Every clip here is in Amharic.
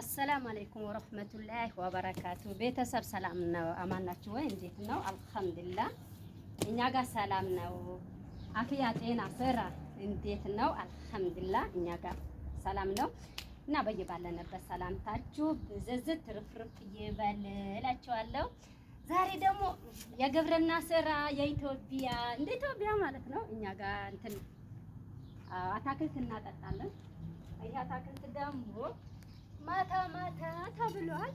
አሰላሙ አለይኩም ወረህመቱላህ ወበረካቱ። ቤተሰብ ሰላም ነው? አማን ናችሁ ወይ? እንዴት ነው? አልሐምዱሊላህ እኛ ጋር ሰላም ነው። አፍያ፣ ጤና፣ ስራ እንዴት ነው? አልሐምዱሊላህ እኛ ጋር ሰላም ነው እና በየባለንበት ሰላምታችሁ ብዝዝት ርፍርፍ ይበል እላችኋለሁ። ዛሬ ደግሞ የግብርና ስራ የኢትዮጵያ እንደ ኢትዮጵያ ማለት ነው። እኛ ጋር እንትን አታክልት እናጠጣለን። ይህ አታክልት ደግሞ ማታ ማታ ተብሏል።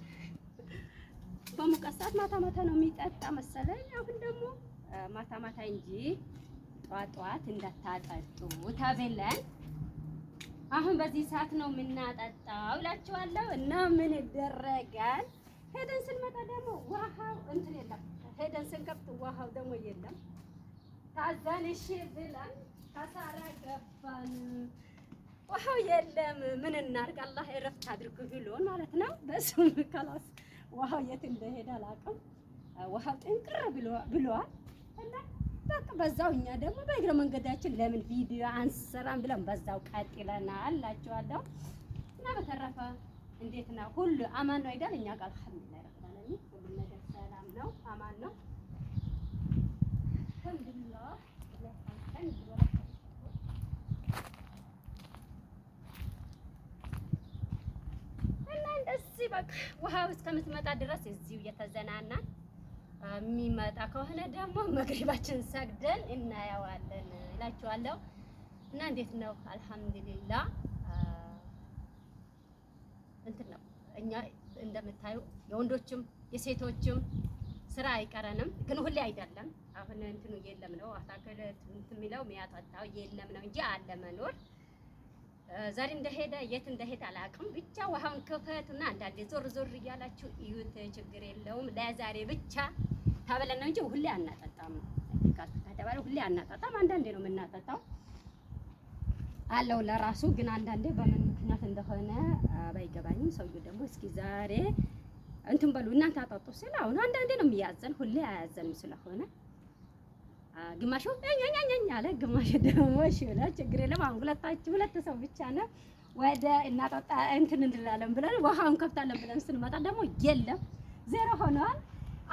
በሙቀት ሰዓት ማታ ማታ ነው የሚጠጣ መሰለኝ። አሁን ደግሞ ማታ ማታ እንጂ ጠዋት እንዳታጠጡ ተብለን አሁን በዚህ ሰዓት ነው የምናጠጣው እላችኋለሁ። እና ምን ይደረጋል ሄደን ስንመጣ ደግሞ ውሃው እንትን የለም። ሄደን ስንከፍት ውሃው ደግሞ የለም። ታዛን እሺ ብለን ከሳራ ገባን። ውሃው የለም። ምን እናድርግ? አላህ እረፍት አድርግ ብሎን ማለት ነው። በሱም ከላስ ውሃው የት እንደሄደ አላውቅም። ውሃው ጥንቅር ብለዋል እና በቃ በዛው እኛ ደግሞ በእግረ መንገዳችን ለምን ቪዲዮ አንሰራም ብለን በዛው ቀጥለናል እላቸዋለሁ እና በተረፈ እንዴት ነው? ሁሉ አማን ነው አይደል? እኛ ጋር አልሐምዱሊላህ ረብል ዓለሚን ሁሉ ነገር ሰላም ነው፣ አማን ነው። እና ውሃው እስከምትመጣ ድረስ እዚሁ እየተዘናናን የሚመጣ ከሆነ ደግሞ መግሪባችን ሰግደን እናየዋለን እላችኋለሁ። እና እንዴት ነው? አልሐምዱሊላህ እንትን ነው። እኛ እንደምታዩ የወንዶችም የሴቶችም ስራ አይቀረንም፣ ግን ሁሌ አይደለም። አሁን እንትኑ የለም ነው አታክልት እንትን የሚለው የሚያጠጣው የለም ነው እንጂ አለ መኖር። ዛሬ እንደሄደ የት እንደሄደ አላውቅም። ብቻ ውሃውን ክፈቱና አንዳንዴ ዞር ዞር እያላችሁ እዩት፣ ችግር የለውም። ለዛሬ ብቻ ተብለን ነው እንጂ ሁሌ አናጠጣም ነው። ሁሌ አናጠጣም፣ አንዳንዴ ነው የምናጠጣው። አለው ለራሱ ግን አንዳንዴ በምን ምክንያት እንደሆነ ባይገባኝም ሰውዬው ደግሞ እስኪ ዛሬ እንትን በሉ እናንተ አጣጡ ስለ አሁን አንዳንዴ ነው የሚያዘን፣ ሁሌ አያዘንም ስለሆነ ግማሹ ኛኛኛኛ አለ፣ ግማሹ ደግሞ እሺ ብለ ችግር የለም አሁን ሁለታችን ሁለት ሰው ብቻ ነው ወደ እናጠጣ እንትን እንላለን ብለን ውሃውን ከብታለን ብለን ስንመጣ ደግሞ የለም ዜሮ ሆኗል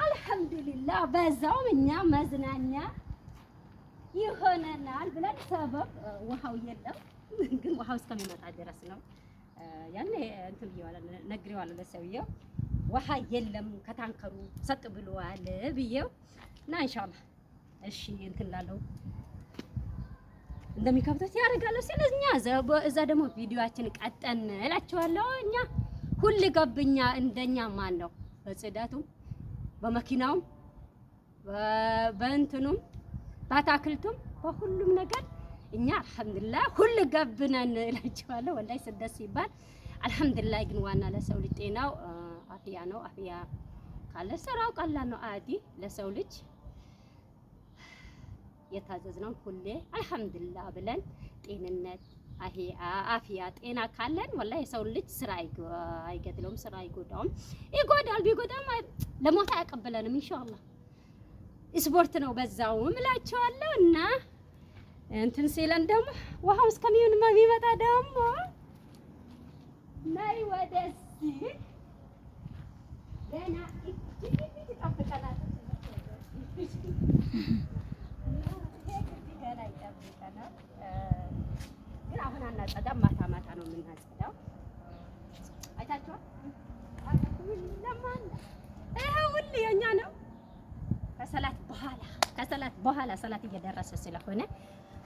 አልሐምዱሊላህ በዛውም እኛ መዝናኛ ይሆነናል ብለን ሰበብ ውሃው የለም ግን ውሃው እስከሚመጣ ድረስ ነው። ያኔ እንትን ብዬዋለሁ፣ ነግሬዋለሁ ለሰውየው ውሃ የለም ከታንከሩ ሰጥ ብለዋል ብዬው እና ኢንሻአላህ እሺ እንትን እላለሁ እንደሚከብደው ያደርጋለሁ። ስለዚህ እዛ ደግሞ ቪዲዮአችን ቀጠን እላቸዋለሁ። እኛ ሁል ገብኛ እንደኛ ማን ነው በጽዳቱም በመኪናውም በእንትኑም ባታክልቱም በሁሉም ነገር እኛ አልሐምዱሊላህ ሁሉ ገብነን እላችኋለሁ። ወላሂ ስደት ሲባል አልሐምዱሊላህ። ግን ዋና ለሰው ልጅ ጤናው አፍያ ነው። አፍያ ካለ ስራው ቀላል ነው። አዲ ለሰው ልጅ የታዘዝነውን ሁሌ አልሐምዱሊላህ ብለን ጤንነት አፍያ ጤና ካለን ወላሂ የሰው ልጅ ስራ አይገድለውም፣ ስራ አይጎዳውም። ይጎዳል ቢጎዳም ለሞት አያቀብለንም ኢንሻአላህ ስፖርት ነው በዛው እላቸዋለሁ። እና እንትን ሲለን ደግሞ ውሃው እስከሚሆን የሚመጣ ደግሞ ናይ ወደዚህ ገና አሁን አናጸዳም፣ ማታ ማታ ነው የምናጸዳው። አይታችኋል። ይኸው ሁሉ የእኛ ነው። ከሰላት በኋላ ከሰላት በኋላ ሰላት እየደረሰ ስለሆነ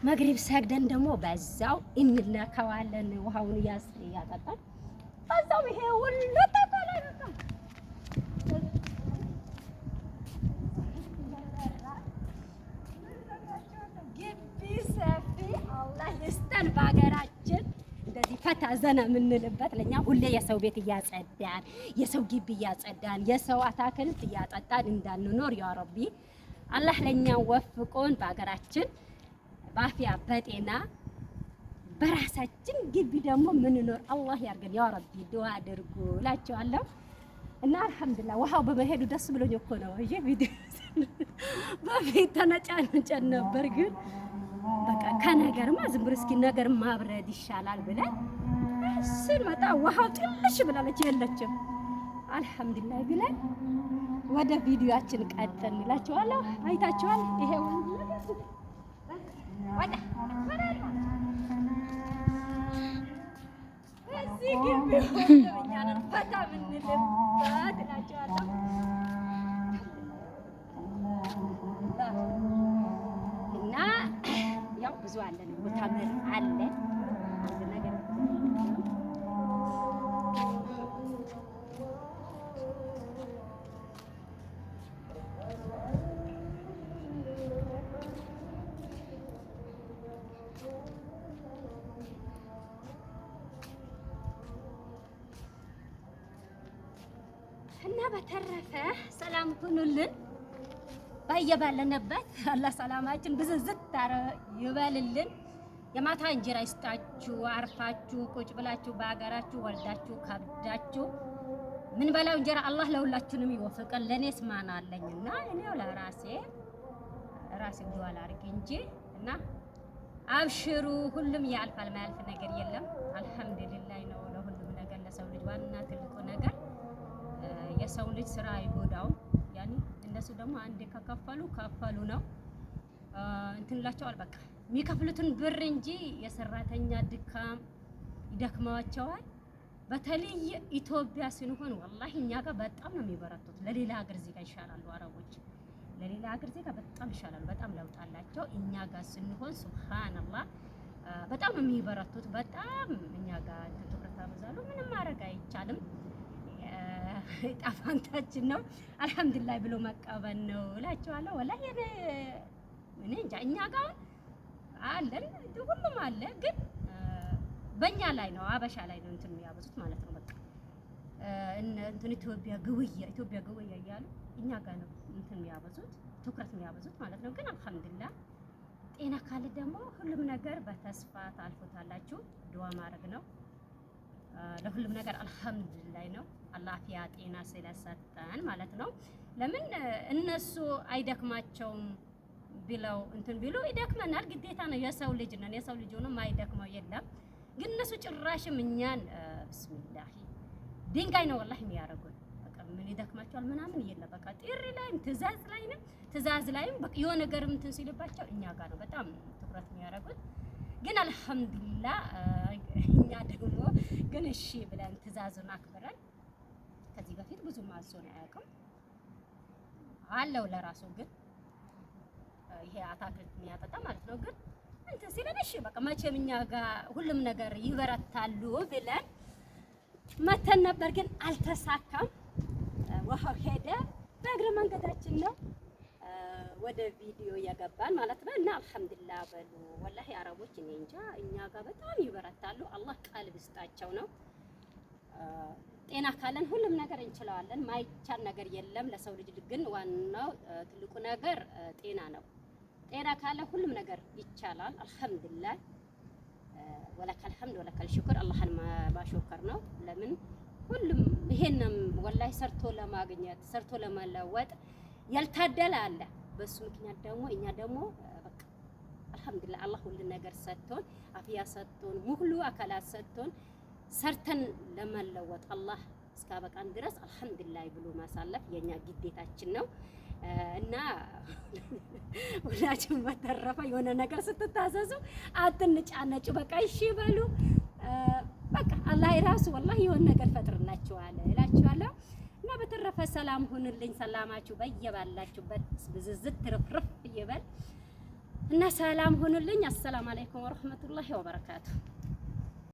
መግሪብ ሰግደን ደግሞ በዛው እንለከዋለን። ውሃውን ያጠጣል ዘና የምንልበት ለእኛ ሁሌ የሰው ቤት እያጸዳን፣ የሰው ግቢ እያጸዳን፣ የሰው አታክልት እያጠጣን እንዳንኖር ያ ረቢ አላህ ለእኛ ወፍቆን በሀገራችን በአፊያ በጤና በራሳችን ግቢ ደግሞ የምንኖር አላህ ያርገን ያ ረቢ። ዱዓ አድርጉ እላቸዋለሁ። እና አልሐምዱሊላህ ውሃው በመሄዱ ደስ ብሎኝ እኮ ነው እ ቪዲዮ በፊት ተነጫንጨን ነበር ግን በቃ ከነገርማ ዝም ብሎ እስኪ ነገር ማብረድ ይሻላል ብለን ስንመጣ ውሃው ትንሽ ብላለች የለችም። አልሐምዱሊላህ ብለን ወደ ቪዲዮአችን ቀጥል እንላችኋለሁ። አይታችኋል። ይሄ ግቢ በጣም እንልባት እላችኋለሁ። ብዙ አለ ነው ሙታምር አለ ነገር እና በተረፈ ሰላም ሁኑልን። በየባለንበት አላህ ሰላማችን ብዝዝት አረ ይበልልን። የማታ እንጀራ ይስጣችሁ። አርፋችሁ ቁጭ ብላችሁ በሀገራችሁ ወልዳችሁ ከብዳችሁ ምን በላው እንጀራ አላህ ለሁላችንም ይወፍቀን። ለእኔ ስማና አለኝና እኔው ለራሴ ራሴ ዱዋል አድርግ እንጂ እና አብሽሩ፣ ሁሉም ያልፋል። ማያልፍ ነገር የለም። አልሐምዱሊላህ ነው ለሁሉም ነገር። ለሰው ልጅ ዋና ትልቁ ነገር የሰው ልጅ ስራ ይጎዳው እነሱ ደግሞ አንዴ ከከፈሉ ከፈሉ ነው እንትንላቸዋል። በቃ የሚከፍሉትን ብር እንጂ የሰራተኛ ድካም ይደክማቸዋል። በተለይ ኢትዮጵያ ስንሆን ወላሂ እኛ ጋር በጣም ነው የሚበረቱት። ለሌላ ሀገር ዜጋ ይሻላሉ አረቦች፣ ለሌላ ሀገር ዜጋ በጣም ይሻላሉ። በጣም ለውጥ አላቸው። እኛ ጋር ስንሆን ሱብሃነላህ በጣም የሚበረቱት። በጣም እኛ ጋር ትኩረት አበዛሉ። ምንም ማድረግ አይቻልም። ጣፋንታችን ነው። አልሐምዱሊላህ ብሎ መቀበል ነው እላቸዋለሁ። ወላሂ እኔ እንጃ እኛ ጋር አለን ሁሉም አለ፣ ግን በእኛ ላይ ነው አበሻ ላይ ነው እንትን የሚያበዙት ማለት ነው። በቃ እንትን ኢትዮጵያ ግውያ ኢትዮጵያ ግውያ እያሉ እኛ ጋር ነው እንትን የሚያበዙት ትኩረት የሚያበዙት ማለት ነው። ግን አልሐምዱሊላህ ጤና ካለ ደግሞ ሁሉም ነገር በተስፋ ታልፎታላችሁ። ድዋ ማድረግ ነው። ለሁሉም ነገር አልሐምዱሊላህ ነው። አላህ አፊያ ጤና ስለሰጠን ማለት ነው። ለምን እነሱ አይደክማቸውም ብለው እንትን ቢሉ ይደክመናል፣ ግዴታ ነው። የሰው ልጅ ነን። የሰው ልጅ ሆኖ ማይደክመው የለም። ግን እነሱ ጭራሽም እኛን ብስሚላሂ ድንጋይ ነው ወላሂ የሚያደርጉን። በቃ ምን ይደክማቸዋል ምናምን የለም። በቃ ጥሪ ላይም ትእዛዝ ላይም ትእዛዝ ላይም በቃ የሆነ ነገርም እንትን ሲልባቸው እኛ ጋር ነው በጣም ትኩረት የሚያደርጉት። ግን አልሐምዱሊላህ እኛ ደግሞ ግን እሺ ብለን ትዕዛዙን አክብረን ከዚህ በፊት ብዙ ማዞን አያውቅም አለው ለራሱ ግን ይሄ አታክልት የሚያጠጣ ማለት ነው። ግን እንትን ሲለን እሺ በቃ መቼም እኛ ጋር ሁሉም ነገር ይበረታሉ ብለን መተን ነበር፣ ግን አልተሳካም። ውሃው ሄደ። በእግረ መንገዳችን ነው ወደ ቪዲዮ እያገባን ማለት ነው። እና አልሐምዱሊላህ በሉ ወላሂ አረቦች እኔ እንጃ እኛ ጋር በጣም ይበረታሉ። አላህ ቀልብ ስጣቸው ነው። ጤና ካለን ሁሉም ነገር እንችለዋለን። ማይቻል ነገር የለም ለሰው ልጅ ግን ዋናው ትልቁ ነገር ጤና ነው። ጤና ካለ ሁሉም ነገር ይቻላል። አልሐምዱሊላህ ወለከል ሐምድ ወለከል ሽኩር አላህን ማሾከር ነው። ለምን ሁሉም ይሄንም ወላሂ ሰርቶ ለማግኘት ሰርቶ ለመለወጥ ያልታደለ አለ። በሱ ምክንያት ደግሞ እኛ ደግሞ በቃ አልሐምዱሊላህ አላህ ሁሉ ነገር ሰጥቶን አፍያ ሰጥቶን ሙሉ አካላት ሰጥቶን ሰርተን ለመለወጥ አላህ እስካበቃን ድረስ አልሐምዱሊላህ ብሎ ማሳለፍ የኛ ግዴታችን ነው እና ሁላችሁም በተረፈ የሆነ ነገር ስትታዘዙ አትንጫነጩ። በቃ እሺ በሉ። በቃ አላህ ራሱ ወላሂ የሆነ ነገር ፈጥርላችኋል እላችኋለሁ። እና በተረፈ ሰላም ሁንልኝ። ሰላማችሁ በየባላችሁበት ብዝዝት ትርፍርፍ ይበል እና ሰላም ሁንልኝ። አሰላም አለይኩም ወረህመቱላሂ ወበረካቱ